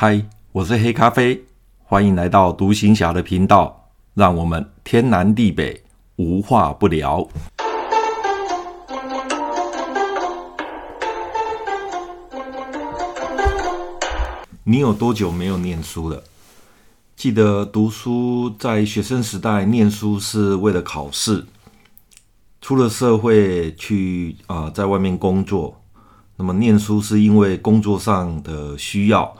嗨，我是黑咖啡，歡迎來到讀行俠的頻道，讓我們天南地北無話不聊。你有多久沒有念書了？記得讀書在學生時代，念書是為了考試；出了社會去啊、呃，在外面工作，那麼念書是因為工作上的需要。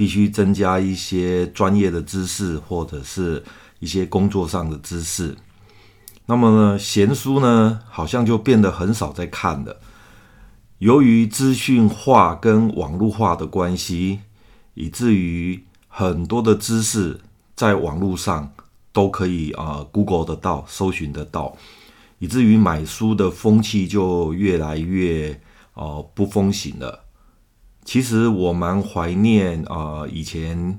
必須增加一些專業的知識，或者是一些工作上的知識。那麼呢，閒書呢好像就變得很少在看了。由於資訊化跟網絡化的關係，以至於很多的知識在網絡上都可以啊、呃、Google 得到、搜尋得到，以至於買書的風氣就越來越哦、呃、不風行了。其實我蠻懷念啊，呃，以前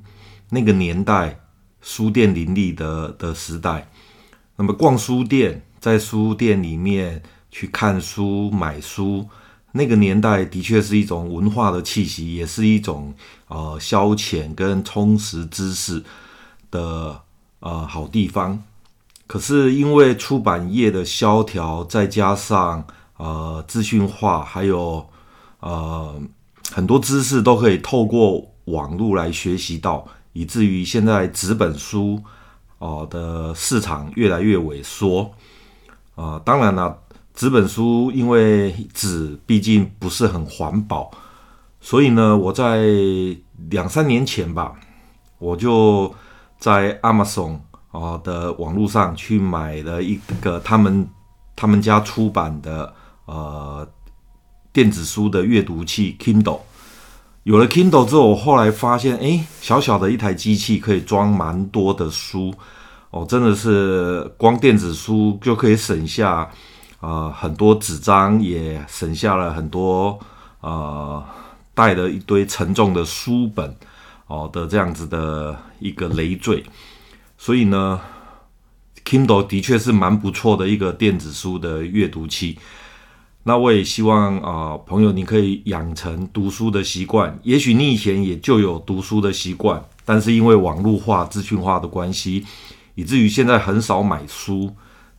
那個年代書店林立的的時代。那麼逛書店，在書店裡面去看書、買書，那個年代的確是一種文化的氣息，也是一種呃消遣跟充實知識的呃好地方。可是因為出版業的蕭條，再加上呃資訊化，還有呃。很多知識都可以透過網絡來學習到，以至於現在紙本書啊、呃、的市場越來越萎縮啊、呃。當然了，紙本書因為紙畢竟不是很環保，所以呢，我在兩三年前吧，我就在 Amazon 啊的網絡上去買了一個他們他們家出版的、呃電子書的閱讀器 Kindle，有了 Kindle 之後，我後來發現，哎，小小的一台機器可以裝蠻多的書，哦，真的是光電子書就可以省下，啊、呃，很多紙張，也省下了很多，啊、呃，帶了一堆沉重的書本，哦的這樣子的一個累贅，所以呢，Kindle 的確是蠻不錯的一個電子書的閱讀器。那我也希望啊、呃，朋友，你可以養成讀書的習慣。也許你以前也就有讀書的習慣，但是因為網絡化、資訊化的關係，以至於現在很少買書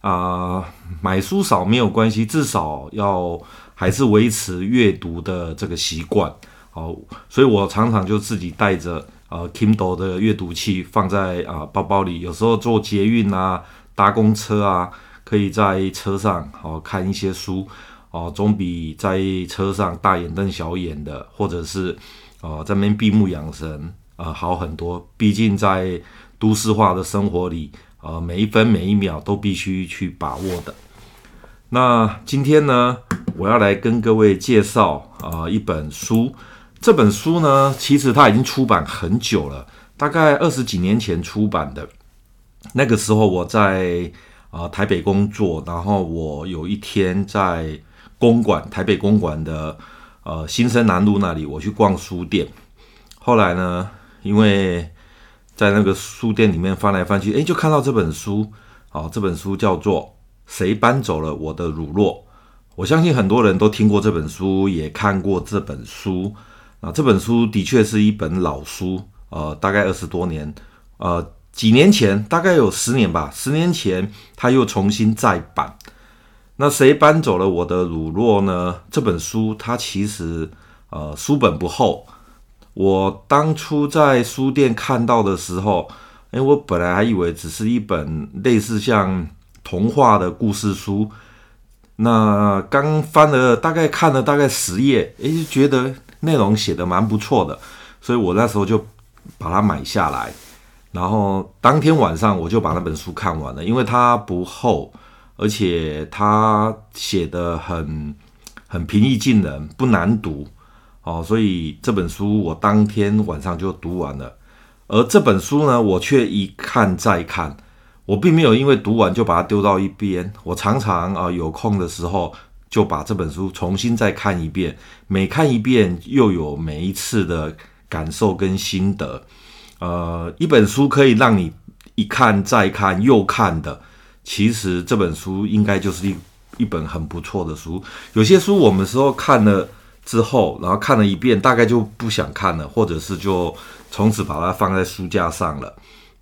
啊、呃。買書少沒有關係，至少要還是維持閱讀的這個習慣。好、呃，所以我常常就自己帶着呃 Kindle 的閱讀器放在啊、呃、包包裡，有時候坐捷運啊、搭公車啊，可以在車上好、呃、看一些書。哦、呃，總比在車上大眼瞪小眼的，或者是，哦、呃，在那邊閉目養神啊、呃，好很多。畢竟在都市化的生活裡，呃，每一分每一秒都必須去把握的。那今天呢，我要來跟各位介紹啊、呃、一本書。這本書呢，其實它已經出版很久了，大概二十幾年前出版的。那個時候我在啊、呃、台北工作，然後我有一天在。公館，台北公館的呃，新生南路那裡，我去逛書店。後來呢，因為在那個書店裡面翻來翻去，誒，就看到這本書。好，呃，這本書叫做《誰搬走了我的乳酪》。我相信很多人都聽過這本書，也看過這本書。那，呃，這本書的確是一本老書，呃，大概二十多年。呃，幾年前，大概有十年吧，十年前它又重新再版。那誰搬走了我的乳酪呢？這本書它其實呃，書本不厚，我當初在書店看到的時候，誒，我本來還以為只是一本類似像童話的故事書。那剛翻了大概，看了大概十頁，誒，就覺得內容寫得蠻不錯的，所以我那時候就把它買下來。然後當天晚上我就把那本書看完了，因為它不厚。而且他寫得很很平易近人，不難讀，哦，所以這本書我當天晚上就讀完了。而這本書呢，我卻一看再看，我並沒有因為讀完就把它丟到一邊。我常常啊、呃、有空的時候就把這本書重新再看一遍，每看一遍又有每一次的感受跟心得。呃，一本書可以讓你一看再看又看的。其實這本書應該就是一一本很不錯的書。有些書我們時候看了之後，然後看了一遍，大概就不想看了，或者是就從此把它放在書架上了。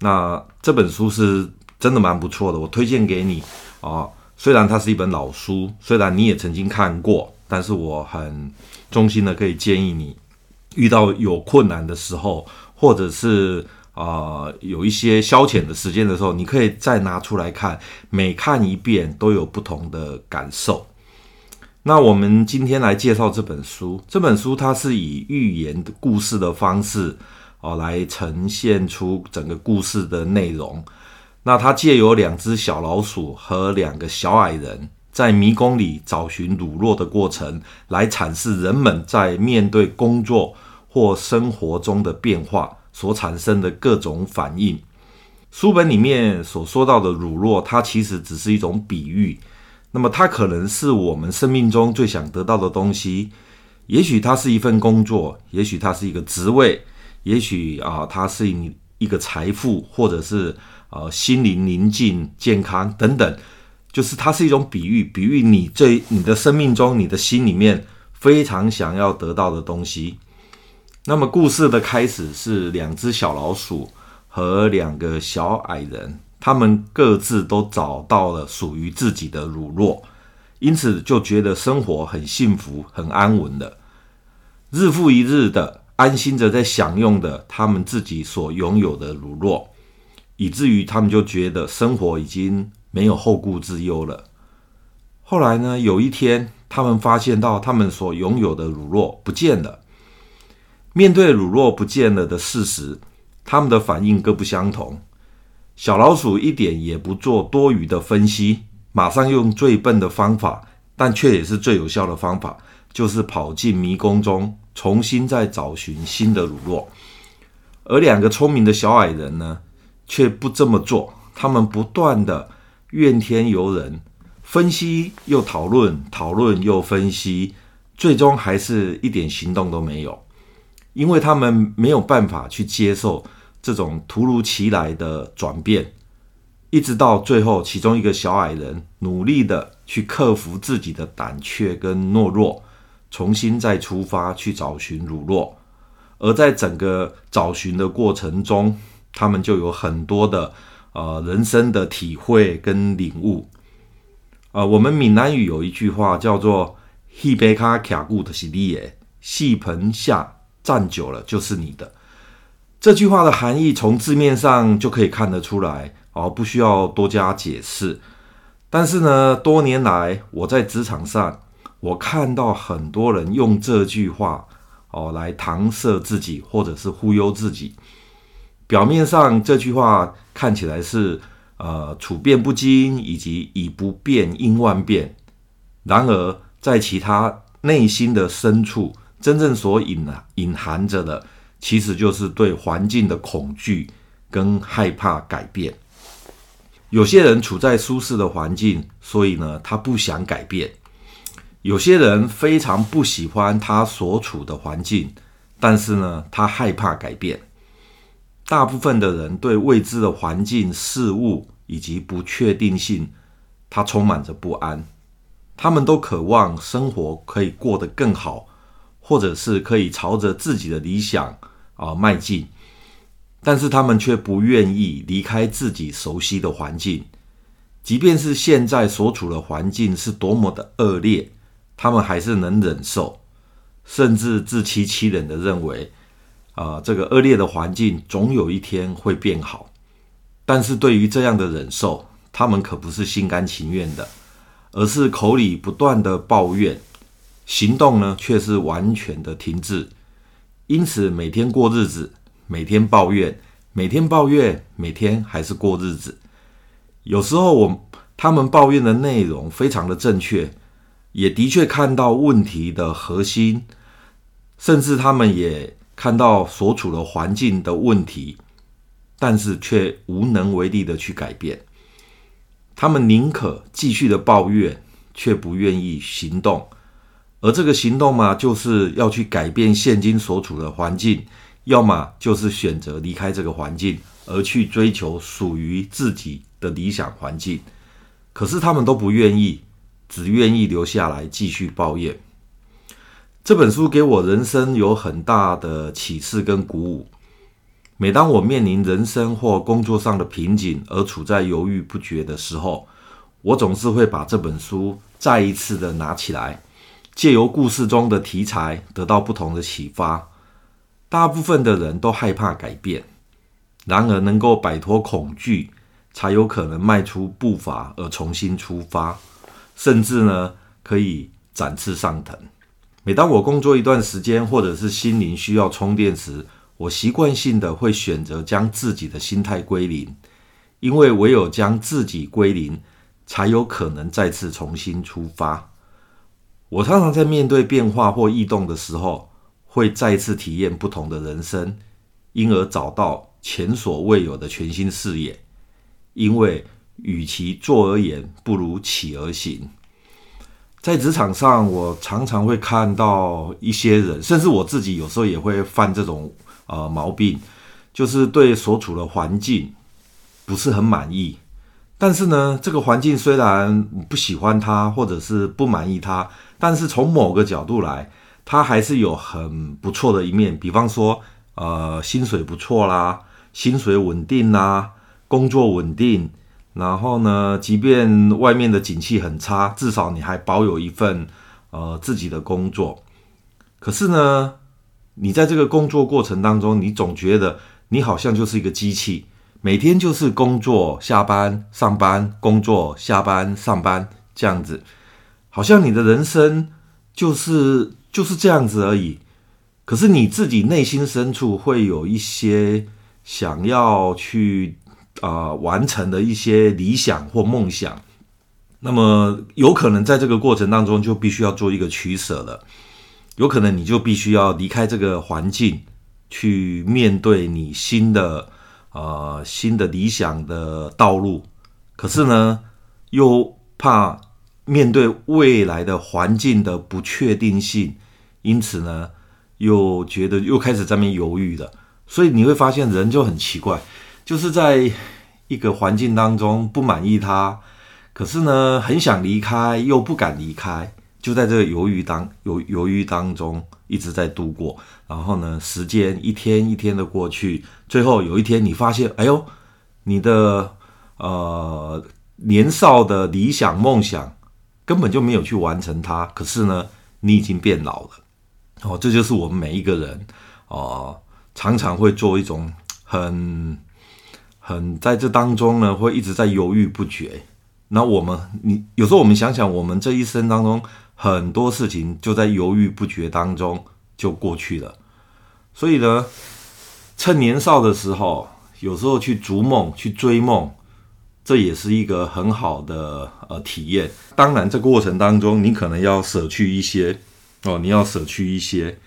那這本書是真的蠻不錯的，我推薦給你啊。雖然它是一本老書，雖然你也曾經看過，但是我很衷心的可以建議你，遇到有困難的時候，或者是。啊、呃，有一些消遣的時間的時候，你可以再拿出來看。每看一遍都有不同的感受。那我們今天來介紹這本書。這本書它是以寓言故事的方式哦、呃、來呈現出整個故事的內容。那它借由兩隻小老鼠和兩個小矮人在迷宮裡找尋乳酪的過程，來闡釋人們在面對工作或生活中的變化。所產生的各種反應，書本裡面所說到的乳酪，它其實只是一種比喻。那麼，它可能是我們生命中最想得到的東西，也許它是一份工作，也許它是一個職位，也許啊、呃，它是一個財富，或者是呃心靈寧靜、健康等等，就是它是一種比喻，比喻你最你的生命中，你的心裡面非常想要得到的東西。那麼，故事的開始是兩隻小老鼠和兩個小矮人，他們各自都找到了屬於自己的乳酪，因此就覺得生活很幸福、很安穩的，日復一日的安心着在享用的他們自己所擁有的乳酪，以至於他們就覺得生活已經沒有後顧之憂了。後來呢，有一天，他們發現到他們所擁有的乳酪不見了。面對乳酪不見了的事實，他們的反應各不相同。小老鼠一點也不做多餘的分析，馬上用最笨的方法，但却也是最有效的方法，就是跑進迷宮中，重新再找尋新的乳酪。而兩個聰明的小矮人呢，却不這麼做。他們不斷的怨天尤人，分析又討論，討論又分析，最終還是一點行動都沒有。因為他們沒有辦法去接受這種突如其來的轉變，一直到最後，其中一個小矮人努力的去克服自己的膽怯跟懦弱，重新再出發去找尋乳酪。而在整個找尋的過程中，他們就有很多的呃人生的體會跟領悟。啊、呃，我們閩南語有一句話叫做“戲杯卡卡固的是你”，戲棚下。站久了就是你的這句話的含義，從字面上就可以看得出來，哦，不需要多加解釋。但是呢，多年來我在職場上，我看到很多人用這句話哦來搪塞自己，或者是忽悠自己。表面上這句話看起來是呃處變不驚，以及以不變應萬變。然而在其他內心的深處。真正所隱啊隱含着的，其實就是對環境的恐懼跟害怕改變。有些人處在舒適的環境，所以呢，他不想改變；有些人非常不喜歡他所處的環境，但是呢，他害怕改變。大部分的人對未知的環境、事物以及不確定性，他充滿着不安。他們都渴望生活可以過得更好。或者是可以朝着自己的理想啊邁進，但是他們卻不願意離開自己熟悉的環境，即便是現在所處的環境是多麼的惡劣，他們還是能忍受，甚至自欺欺人的認為啊、呃、這個惡劣的環境總有一天會變好。但是對於這樣的忍受，他們可不是心甘情願的，而是口裡不斷的抱怨。行動呢，卻是完全的停滯。因此，每天過日子，每天抱怨，每天抱怨，每天還是過日子。有時候，我他們抱怨的內容非常的正確，也的確看到問題的核心，甚至他們也看到所處的環境的問題，但是卻無能為力的去改變。他們寧可繼續的抱怨，卻不願意行動。而這個行動嘛，就是要去改變現今所處的環境，要麼就是選擇離開這個環境，而去追求屬於自己的理想環境。可是他們都不願意，只願意留下來繼續抱怨。這本書給我人生有很大的啟示跟鼓舞。每當我面臨人生或工作上的瓶頸，而處在猶豫不決的時候，我總是會把這本書再一次的拿起來。借由故事中的題材得到不同的啟發。大部分的人都害怕改變，然而能夠擺脫恐懼，才有可能邁出步伐而重新出發，甚至呢，可以展翅上騰。每當我工作一段時間，或者是心靈需要充電時，我習慣性的會選擇將自己的心態歸零，因為唯有將自己歸零，才有可能再次重新出發。我常常在面對變化或異動的時候，會再次體驗不同的人生，因而找到前所未有的全新視野。因為與其坐而言，不如起而行。在職場上，我常常會看到一些人，甚至我自己有時候也會犯這種呃毛病，就是對所處的環境不是很滿意。但是呢，這個環境雖然不喜歡它，或者是不滿意它。但是從某個角度來，它還是有很不錯的一面。比方說，呃，薪水不錯啦，薪水穩定啦，工作穩定。然後呢，即便外面的景氣很差，至少你還保有一份，呃，自己的工作。可是呢，你在這個工作過程當中，你總覺得你好像就是一個機器，每天就是工作、下班、上班、工作、下班、上班這樣子。好像你的人生就是就是這樣子而已，可是你自己內心深處會有一些想要去啊、呃、完成的一些理想或夢想，那麼有可能在這個過程當中就必須要做一個取捨了，有可能你就必須要離開這個環境，去面對你新的啊、呃、新的理想的道路，可是呢又怕。面對未來的環境的不確定性，因此呢，又覺得又開始在那邊猶豫了。所以你會發現，人就很奇怪，就是在一個環境當中不滿意他，可是呢，很想離開又不敢離開，就在這個猶豫當猶猶豫當中一直在度過。然後呢，時間一天一天的過去，最後有一天你發現，哎呦，你的呃年少的理想夢想。根本就沒有去完成它，可是呢，你已經變老了。哦，這就是我們每一個人啊、呃，常常會做一種很、很在這當中呢，會一直在猶豫不決。那我們，你有時候我們想想，我們這一生當中很多事情就在猶豫不決當中就過去了。所以呢，趁年少的時候，有時候去逐夢，去追夢。這也是一個很好的呃體驗。當然，這個過程當中，你可能要捨去一些哦，你要捨去一些。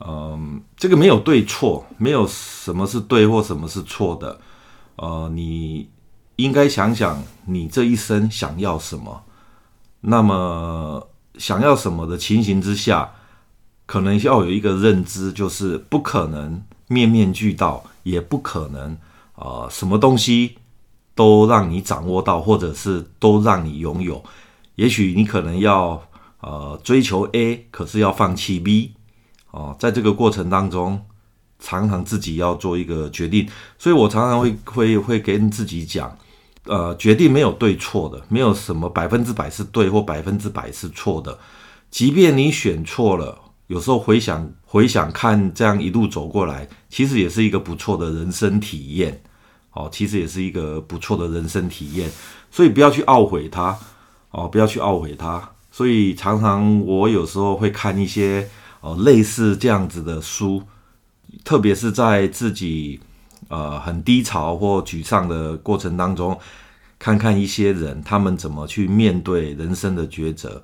嗯、呃，這個沒有對錯，沒有什麼是對或什麼是錯的。呃，你應該想想你這一生想要什麼。那麼，想要什麼的情形之下，可能要有一個認知，就是不可能面面俱到，也不可能啊、呃，什麼東西。都讓你掌握到，或者是都讓你擁有。也許你可能要呃追求 A，可是要放棄 B 哦，呃，在這個過程當中，常常自己要做一個決定。所以我常常會會會跟自己講，呃，決定沒有對錯的，沒有什麼百分之百是對或百分之百是錯的。即便你選錯了，有時候回想回想看，這樣一路走過來，其實也是一個不錯的人生體驗。哦，其實也是一個不錯的人生體驗，所以不要去懊悔它，哦，不要去懊悔它。所以常常我有時候會看一些哦類似這樣子的書，特別是在自己呃很低潮或沮喪的過程當中，看看一些人他們怎麼去面對人生的抉擇。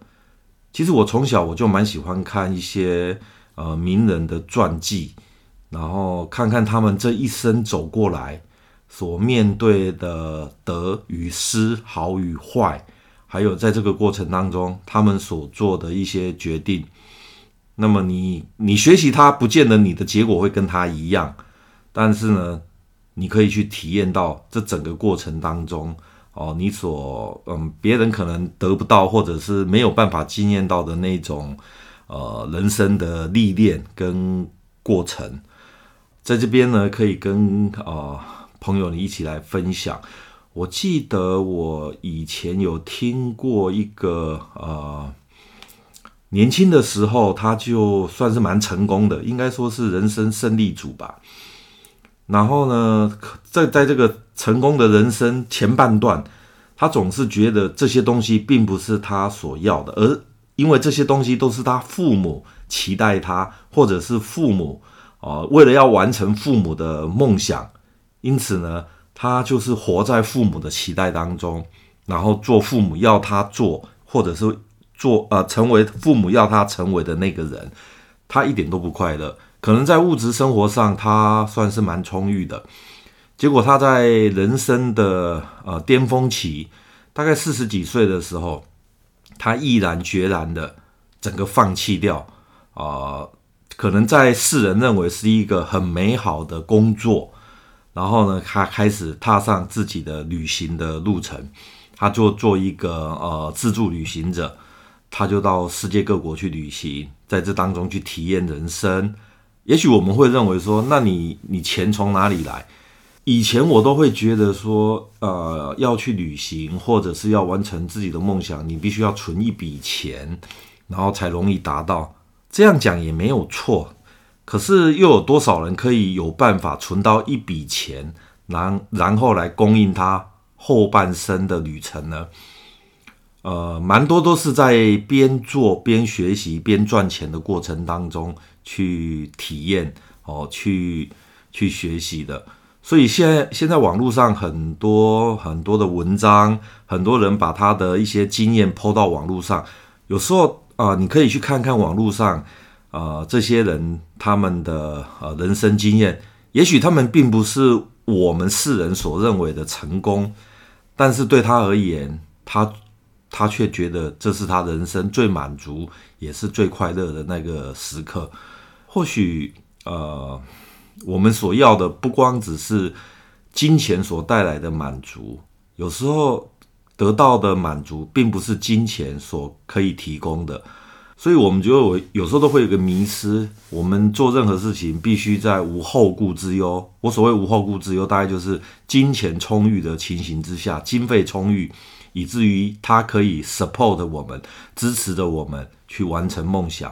其實我從小我就蠻喜歡看一些呃名人的傳記，然後看看他們這一生走過來。所面對的得與失、好與壞，還有在這個過程當中他們所做的一些決定，那麼你你學習它，不見得你的結果會跟它一樣，但是呢，你可以去體驗到這整個過程當中哦，你所嗯別人可能得不到或者是沒有辦法經驗到的那種呃人生的歷練跟過程，在這邊呢可以跟啊。呃朋友，你一起來分享。我記得我以前有聽過一個，呃，年輕的時候他就算是蠻成功的，應該說是人生勝利組吧。然後呢，在在這個成功的人生前半段，他總是覺得這些東西並不是他所要的，而因為這些東西都是他父母期待他，或者是父母啊、呃，為了要完成父母的夢想。因此呢，他就是活在父母的期待當中，然後做父母要他做，或者是做呃成為父母要他成為的那個人，他一點都不快樂。可能在物質生活上，他算是蠻充裕的。結果他在人生的呃巔峰期，大概四十幾歲的時候，他毅然決然的整個放棄掉，啊、呃，可能在世人認為是一個很美好的工作。然後呢，他開始踏上自己的旅行的路程，他就做一個呃自助旅行者，他就到世界各國去旅行，在這當中去體驗人生。也許我們會認為說，那你你錢從哪裡來？以前我都會覺得說，呃，要去旅行或者是要完成自己的夢想，你必須要存一筆錢，然後才容易達到。這樣講也沒有錯。可是又有多少人可以有辦法存到一筆錢，然後然後來供應他後半生的旅程呢？呃，蠻多都是在邊做邊學習邊賺錢的過程當中去體驗哦、呃，去去學習的。所以現在現在網絡上很多很多的文章，很多人把他的一些經驗拋到網絡上。有時候啊、呃，你可以去看看網絡上。呃，這些人他們的呃人生經驗，也許他們並不是我們世人所認為的成功，但是對他而言，他他卻覺得這是他人生最滿足，也是最快樂的那個時刻。或許呃，我們所要的不光只是金錢所帶來的滿足，有時候得到的滿足並不是金錢所可以提供的。所以，我們覺得有，有時候都會有一個迷思。我們做任何事情，必須在無後顧之憂。我所謂無後顧之憂，大概就是金錢充裕的情形之下，經費充裕，以至於它可以 support 我們，支持着我們去完成夢想。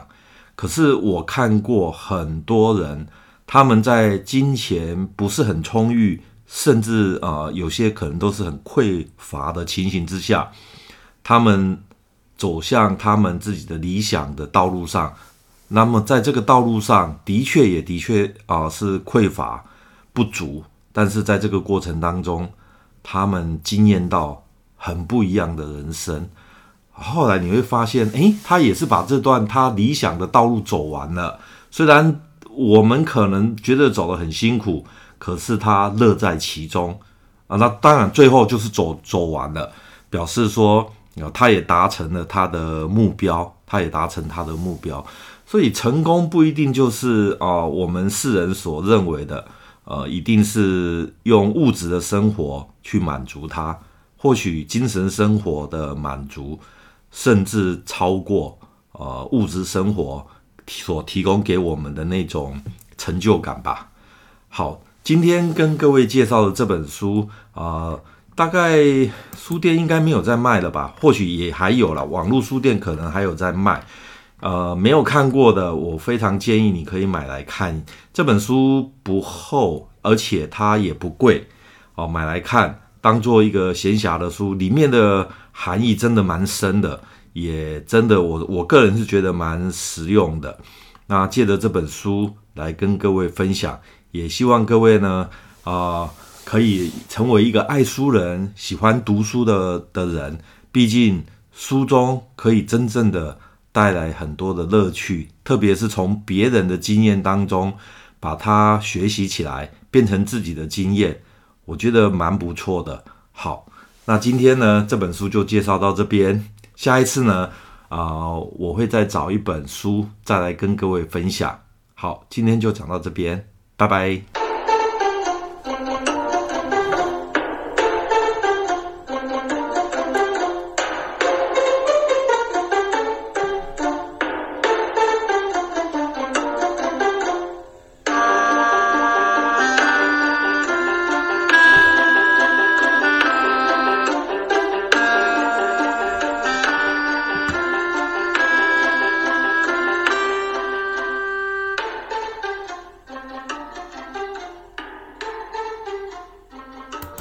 可是，我看過很多人，他們在金錢不是很充裕，甚至啊、呃，有些可能都是很匱乏的情形之下，他們走向他們自己的理想的道路上，那麼在這個道路上，的確也的確啊、呃、是匱乏不足，但是在這個過程當中，他們經驗到很不一樣的人生。後來你會發現，誒，他也是把這段他理想的道路走完了。雖然我們可能覺得走得很辛苦，可是他樂在其中啊。那當然最後就是走走完了，表示說。他也達成了他的目標，他也達成他的目標，所以成功不一定就是啊、呃，我們世人所認為的，呃，一定是用物質的生活去滿足他，或許精神生活的滿足，甚至超過呃，物質生活所提供給我們的那種成就感吧。好，今天跟各位介紹的這本書啊。呃大概書店應該沒有在賣了吧？或許也還有了，網絡書店可能還有在賣。呃，沒有看過的，我非常建議你可以買來看。這本書不厚，而且它也不貴，哦、呃，買來看，當做一個閒暇的書，裡面的含義真的蠻深的，也真的我，我我個人是覺得蠻實用的。那借着這本書來跟各位分享，也希望各位呢，啊、呃。可以成為一個愛書人、喜歡讀書的的人，畢竟書中可以真正的帶來很多的樂趣，特別是從別人的經驗當中把它學習起來，變成自己的經驗，我覺得蠻不錯的。好，那今天呢，這本書就介紹到這邊，下一次呢，啊，呃，我會再找一本書，再來跟各位分享。好，今天就講到這邊，拜拜。